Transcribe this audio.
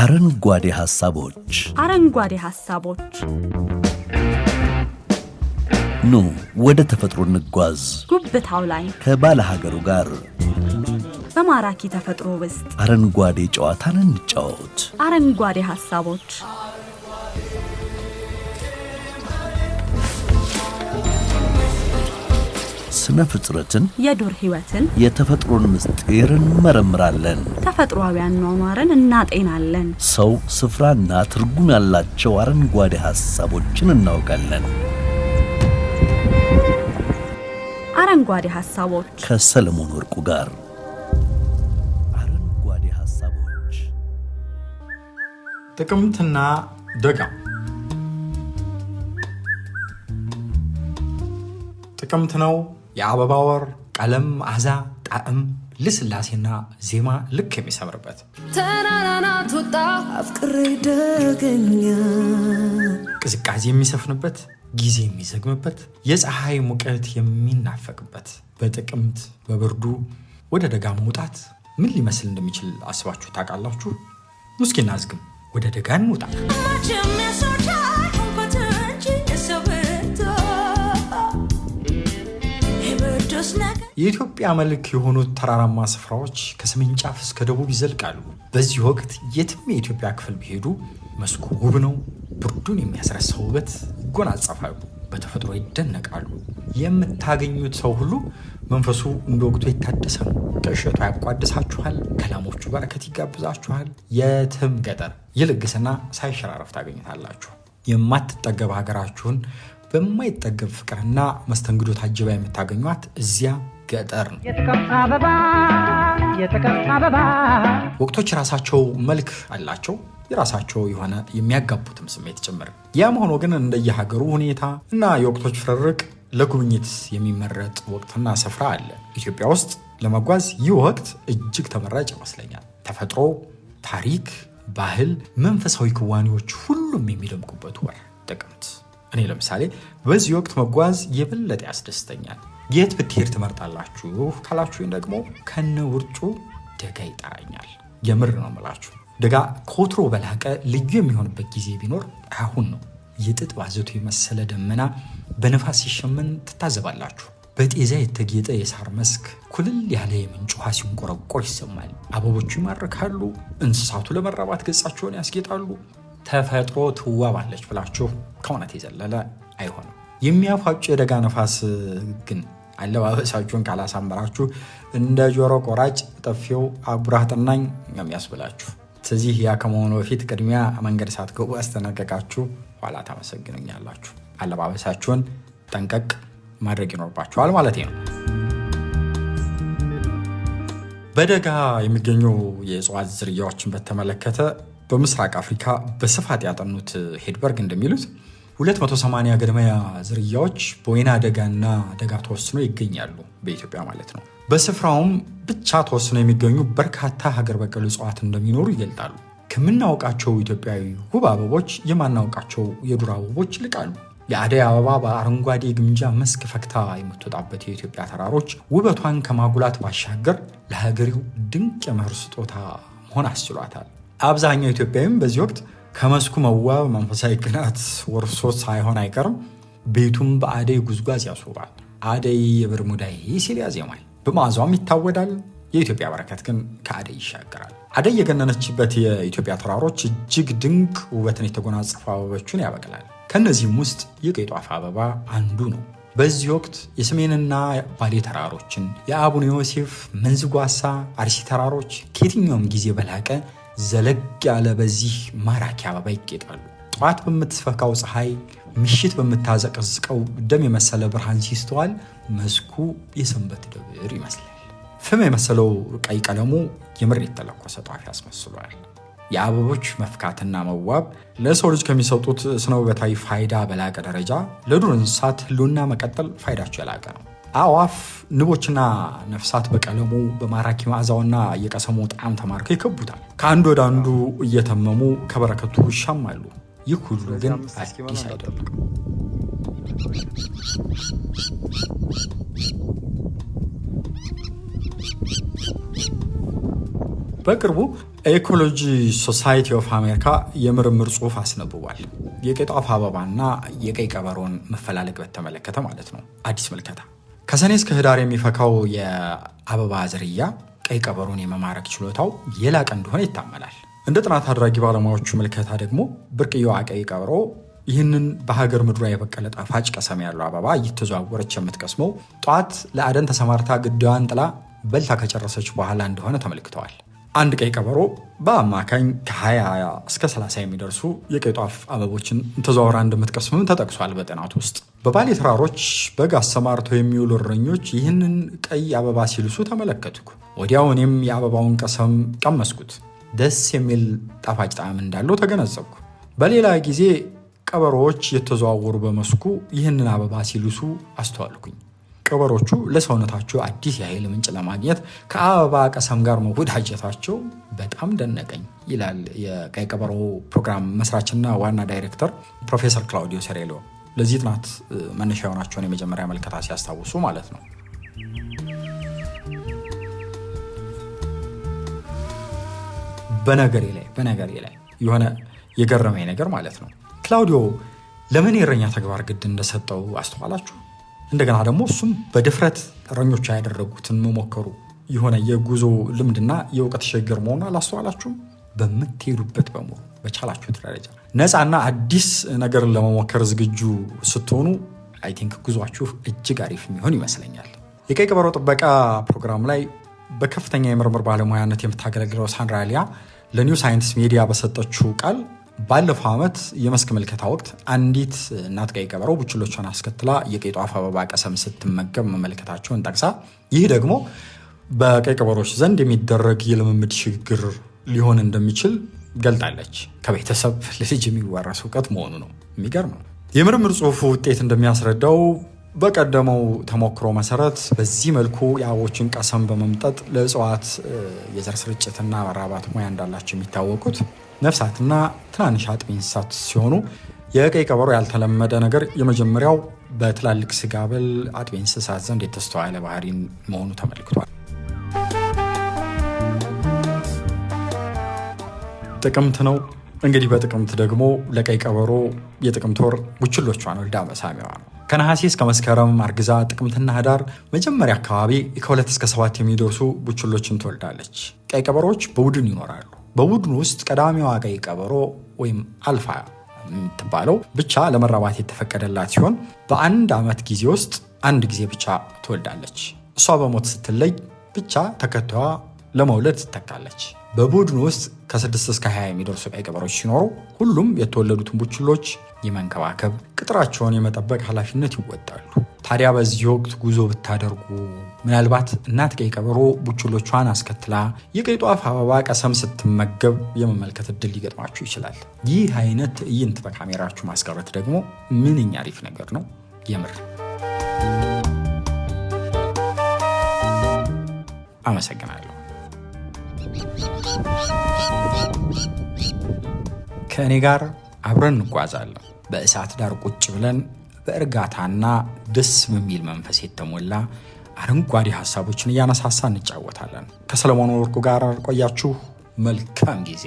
አረንጓዴ ሐሳቦች አረንጓዴ ሐሳቦች ኑ ወደ ተፈጥሮ እንጓዝ። ጉብታው ላይ ከባለ ሀገሩ ጋር በማራኪ ተፈጥሮ ውስጥ አረንጓዴ ጨዋታን እንጫወት። አረንጓዴ ሐሳቦች ስነ ፍጥረትን፣ የዱር ህይወትን፣ የተፈጥሮን ምስጢር እንመረምራለን። ተፈጥሯዊ አኗኗርን እናጤናለን። ሰው ስፍራና ትርጉም ያላቸው አረንጓዴ ሀሳቦችን እናውቃለን። አረንጓዴ ሀሳቦች ከሰለሞን ወርቁ ጋር አረንጓዴ ሀሳቦች ጥቅምትና ደጋ ጥቅምት ነው። የአበባ ወር ቀለም፣ አዛ፣ ጣዕም፣ ልስላሴና ዜማ ልክ የሚሰምርበት ተራራናት ወጣ አፍቅሬ ደገኛ ቅዝቃዜ የሚሰፍንበት ጊዜ የሚዘግምበት የፀሐይ ሙቀት የሚናፈቅበት በጥቅምት በብርዱ ወደ ደጋ መውጣት ምን ሊመስል እንደሚችል አስባችሁ ታውቃላችሁ? እስኪ እናዝግም፣ ወደ ደጋ እንውጣ። የኢትዮጵያ መልክ የሆኑት ተራራማ ስፍራዎች ከሰሜን ጫፍ እስከ ደቡብ ይዘልቃሉ። በዚህ ወቅት የትም የኢትዮጵያ ክፍል ቢሄዱ መስኩ ውብ ነው። ብርዱን የሚያስረሳ ውበት ይጎናጸፋሉ፣ በተፈጥሮ ይደነቃሉ። የምታገኙት ሰው ሁሉ መንፈሱ እንደ ወቅቱ የታደሰ ነው። ከእሸቱ ያቋድሳችኋል፣ ከላሞቹ በረከት ይጋብዛችኋል። የትም ገጠር ይልግስና ሳይሸራረፍ ታገኝታላችሁ። የማትጠገብ ሀገራችሁን በማይጠገብ ፍቅርና መስተንግዶ ታጅባ የምታገኟት እዚያ ገጠር ነው። ወቅቶች የራሳቸው መልክ አላቸው፣ የራሳቸው የሆነ የሚያጋቡትም ስሜት ጭምር። ያም ሆኖ ግን እንደየሀገሩ ሁኔታ እና የወቅቶች ፍርርቅ ለጉብኝት የሚመረጥ ወቅትና ስፍራ አለ። ኢትዮጵያ ውስጥ ለመጓዝ ይህ ወቅት እጅግ ተመራጭ ይመስለኛል። ተፈጥሮ፣ ታሪክ፣ ባህል፣ መንፈሳዊ ክዋኔዎች ሁሉም የሚደምቁበት ወር ጥቅምት እኔ ለምሳሌ በዚህ ወቅት መጓዝ የበለጠ ያስደስተኛል። የት ብትሄድ ትመርጣላችሁ ካላችሁኝ ደግሞ ከነ ውርጩ ደጋ ይጣራኛል። የምር ነው ምላችሁ። ደጋ ከወትሮ በላቀ ልዩ የሚሆንበት ጊዜ ቢኖር አሁን ነው። የጥጥ ባዘቶ የመሰለ ደመና በነፋስ ሲሸመን ትታዘባላችሁ። በጤዛ የተጌጠ የሳር መስክ ኩልል ያለ የምንጭ ውሃ ሲንቆረቆር ይሰማል። አበቦቹ ይማርካሉ። እንስሳቱ ለመራባት ገጻቸውን ያስጌጣሉ። ተፈጥሮ ትዋባለች ብላችሁ ከእውነት የዘለለ አይሆንም። የሚያፏጭ የደጋ ነፋስ ግን አለባበሳችሁን ካላሳምራችሁ እንደ ጆሮ ቆራጭ ጥፊው አጉራህ ጠናኝ ብላችሁ የሚያስብላችሁ። ያ ከመሆኑ በፊት ቅድሚያ መንገድ ሳትገቡ አስተነቀቃችሁ ኋላ ታመሰግኑኛላችሁ። አለባበሳችሁን ጠንቀቅ ማድረግ ይኖርባችኋል ማለት ነው። በደጋ የሚገኙ የእጽዋት ዝርያዎችን በተመለከተ በምስራቅ አፍሪካ በስፋት ያጠኑት ሄድበርግ እንደሚሉት 280 ገደማ ዝርያዎች በወይና ደጋና ደጋ ተወስኖ ይገኛሉ፣ በኢትዮጵያ ማለት ነው። በስፍራውም ብቻ ተወስኖ የሚገኙ በርካታ ሀገር በቀል እጽዋት እንደሚኖሩ ይገልጣሉ። ከምናውቃቸው ኢትዮጵያዊ ውብ አበቦች የማናውቃቸው የዱር አበቦች ይልቃሉ። የአደይ አበባ በአረንጓዴ ግምጃ መስክ ፈክታ የምትወጣበት የኢትዮጵያ ተራሮች ውበቷን ከማጉላት ባሻገር ለሀገሪው ድንቅ የመኸር ስጦታ መሆን አስችሏታል። አብዛኛው ኢትዮጵያዊም በዚህ ወቅት ከመስኩ መዋብ መንፈሳዊ ቅናት ወርሶ ሳይሆን አይቀርም። ቤቱም በአደይ ጉዝጓዝ ያስውባል። አደይ የበርሙዳ ሲል ያዜማል፣ በመዓዛዋም ይታወዳል። የኢትዮጵያ በረከት ግን ከአደይ ይሻገራል። አደይ የገነነችበት የኢትዮጵያ ተራሮች እጅግ ድንቅ ውበትን የተጎናጸፉ አበቦቹን ያበቅላል። ከእነዚህም ውስጥ የቀይ ጧፍ አበባ አንዱ ነው። በዚህ ወቅት የሰሜንና ባሌ ተራሮችን የአቡነ ዮሴፍ መንዝጓሳ አርሲ ተራሮች ከየትኛውም ጊዜ በላቀ ዘለግ ያለ በዚህ ማራኪ አበባ ይጌጣሉ። ጠዋት በምትፈካው ፀሐይ፣ ምሽት በምታዘቀዝቀው ደም የመሰለ ብርሃን ሲስተዋል መስኩ የሰንበት ደብር ይመስላል። ፍም የመሰለው ቀይ ቀለሙ የምር የተለኮሰ ጧፍ ያስመስሏል። የአበቦች መፍካትና መዋብ ለሰው ልጅ ከሚሰጡት ስነ ውበታዊ ፋይዳ በላቀ ደረጃ ለዱር እንስሳት ህልውና መቀጠል ፋይዳቸው የላቀ ነው። አዕዋፍ፣ ንቦችና ነፍሳት በቀለሙ በማራኪ መዓዛውና የቀሰሙ ጣዕም ተማርከው ይከቡታል። ከአንዱ ወደ አንዱ እየተመሙ ከበረከቱ አሉ። ይህ ሁሉ ግን አዲስ አይደለም። በቅርቡ ኤኮሎጂ ሶሳይቲ ኦፍ አሜሪካ የምርምር ጽሑፍ አስነብቧል። የቄጧፍ አበባና የቀይ ቀበሮን መፈላለግ በተመለከተ ማለት ነው። አዲስ ምልከታ ከሰኔ እስከ ህዳር የሚፈካው የአበባ ዝርያ ቀይ ቀበሮን የመማረክ ችሎታው የላቀ እንደሆነ ይታመናል። እንደ ጥናት አድራጊ ባለሙያዎቹ ምልከታ ደግሞ ብርቅየዋ ቀይ ቀበሮ ይህንን በሀገር ምድሯ የበቀለ ጣፋጭ ቀሰም ያለው አበባ እየተዘዋወረች የምትቀስመው ጠዋት ለአደን ተሰማርታ ግዳዋን ጥላ በልታ ከጨረሰች በኋላ እንደሆነ ተመልክተዋል። አንድ ቀይ ቀበሮ በአማካኝ ከ20 እስከ 30 የሚደርሱ የቀይ ጧፍ አበቦችን ተዘዋውራ እንደምትቀስምም ተጠቅሷል በጥናት ውስጥ። በባሌ ተራሮች በግ አሰማርተው የሚውሉ እረኞች ይህንን ቀይ አበባ ሲልሱ ተመለከትኩ። ወዲያው እኔም የአበባውን ቀሰም ቀመስኩት። ደስ የሚል ጣፋጭ ጣዕም እንዳለው ተገነዘብኩ። በሌላ ጊዜ ቀበሮዎች የተዘዋወሩ በመስኩ ይህንን አበባ ሲልሱ አስተዋልኩኝ። ቀበሮቹ ለሰውነታቸው አዲስ የኃይል ምንጭ ለማግኘት ከአበባ ቀሰም ጋር መወዳጀታቸው በጣም ደነቀኝ ይላል የቀይ ቀበሮ ፕሮግራም መስራችና ዋና ዳይሬክተር ፕሮፌሰር ክላውዲዮ ሴሬሎ ለዚህ ጥናት መነሻ የሆናቸውን የመጀመሪያ መልከታ ሲያስታውሱ ማለት ነው። በነገሬ ላይ በነገሬ ላይ የሆነ የገረመኝ ነገር ማለት ነው ክላውዲዮ ለምን የእረኛ ተግባር ግድ እንደሰጠው አስተዋላችሁ? እንደገና ደግሞ እሱም በድፍረት እረኞች ያደረጉትን መሞከሩ የሆነ የጉዞ ልምድና የእውቀት ሽግግር መሆኑ አላስተዋላችሁም? በምትሄዱበት በሙሉ በቻላችሁት ደረጃ ነፃና አዲስ ነገርን ለመሞከር ዝግጁ ስትሆኑ አይ ቲንክ ጉዟችሁ እጅግ አሪፍ የሚሆን ይመስለኛል። የቀይ ቀበሮ ጥበቃ ፕሮግራም ላይ በከፍተኛ የምርምር ባለሙያነት የምታገለግለው ሳንራሊያ ለኒው ሳይንስ ሚዲያ በሰጠችው ቃል ባለፈው ዓመት የመስክ ምልከታ ወቅት አንዲት እናት ቀይ ቀበሮ ቡችሎቿን አስከትላ የቀይ አፍ አበባ ቀሰም ስትመገብ መመልከታቸውን ጠቅሳ ይህ ደግሞ በቀይ ቀበሮች ዘንድ የሚደረግ የልምምድ ሽግግር ሊሆን እንደሚችል ገልጣለች። ከቤተሰብ ለልጅ የሚወረስ እውቀት መሆኑ ነው። የሚገርም ነው። የምርምር ጽሑፉ ውጤት እንደሚያስረዳው በቀደመው ተሞክሮ መሰረት በዚህ መልኩ የአበቦችን ቀሰም በመምጠጥ ለእጽዋት የዘር ስርጭትና መራባት ሙያ እንዳላቸው የሚታወቁት ነፍሳትና ትናንሽ አጥቢ እንስሳት ሲሆኑ የቀይ ቀበሮ ያልተለመደ ነገር የመጀመሪያው በትላልቅ ስጋ በል አጥቢ እንስሳት ዘንድ የተስተዋለ ባህሪን መሆኑ ተመልክቷል። ጥቅምት ነው። እንግዲህ በጥቅምት ደግሞ ለቀይ ቀበሮ የጥቅምት ወር ጉችሎቿን ወልዳ መሳሚዋ ነው። ከነሐሴ እስከ መስከረም አርግዛ ጥቅምትና ህዳር መጀመሪያ አካባቢ ከሁለት እስከ ሰባት የሚደርሱ ቡችሎችን ትወልዳለች። ቀይ ቀበሮዎች በቡድን ይኖራሉ። በቡድን ውስጥ ቀዳሚዋ ቀይ ቀበሮ ወይም አልፋ የምትባለው ብቻ ለመራባት የተፈቀደላት ሲሆን በአንድ ዓመት ጊዜ ውስጥ አንድ ጊዜ ብቻ ትወልዳለች። እሷ በሞት ስትለይ ብቻ ተከታዋ ለመውለድ ትተካለች። በቡድን ውስጥ ከ6 እስከ 20 የሚደርሱ ቀይ ቀበሮች ሲኖሩ ሁሉም የተወለዱትን ቡችሎች የመንከባከብ ቅጥራቸውን የመጠበቅ ኃላፊነት ይወጣሉ። ታዲያ በዚህ ወቅት ጉዞ ብታደርጉ ምናልባት እናት ቀይ ቀበሮ ቡችሎቿን አስከትላ የቀይ ጧፍ አበባ ቀሰም ስትመገብ የመመልከት እድል ሊገጥማችሁ ይችላል። ይህ አይነት ትዕይንት በካሜራችሁ ማስቀረት ደግሞ ምንኛ አሪፍ ነገር ነው የምር አመሰግናለሁ። ከእኔ ጋር አብረን እንጓዛለን። በእሳት ዳር ቁጭ ብለን በእርጋታና ደስ በሚል መንፈስ የተሞላ አረንጓዴ ሀሳቦችን እያነሳሳ እንጫወታለን። ከሰለሞን ወርቁ ጋር ቆያችሁ። መልካም ጊዜ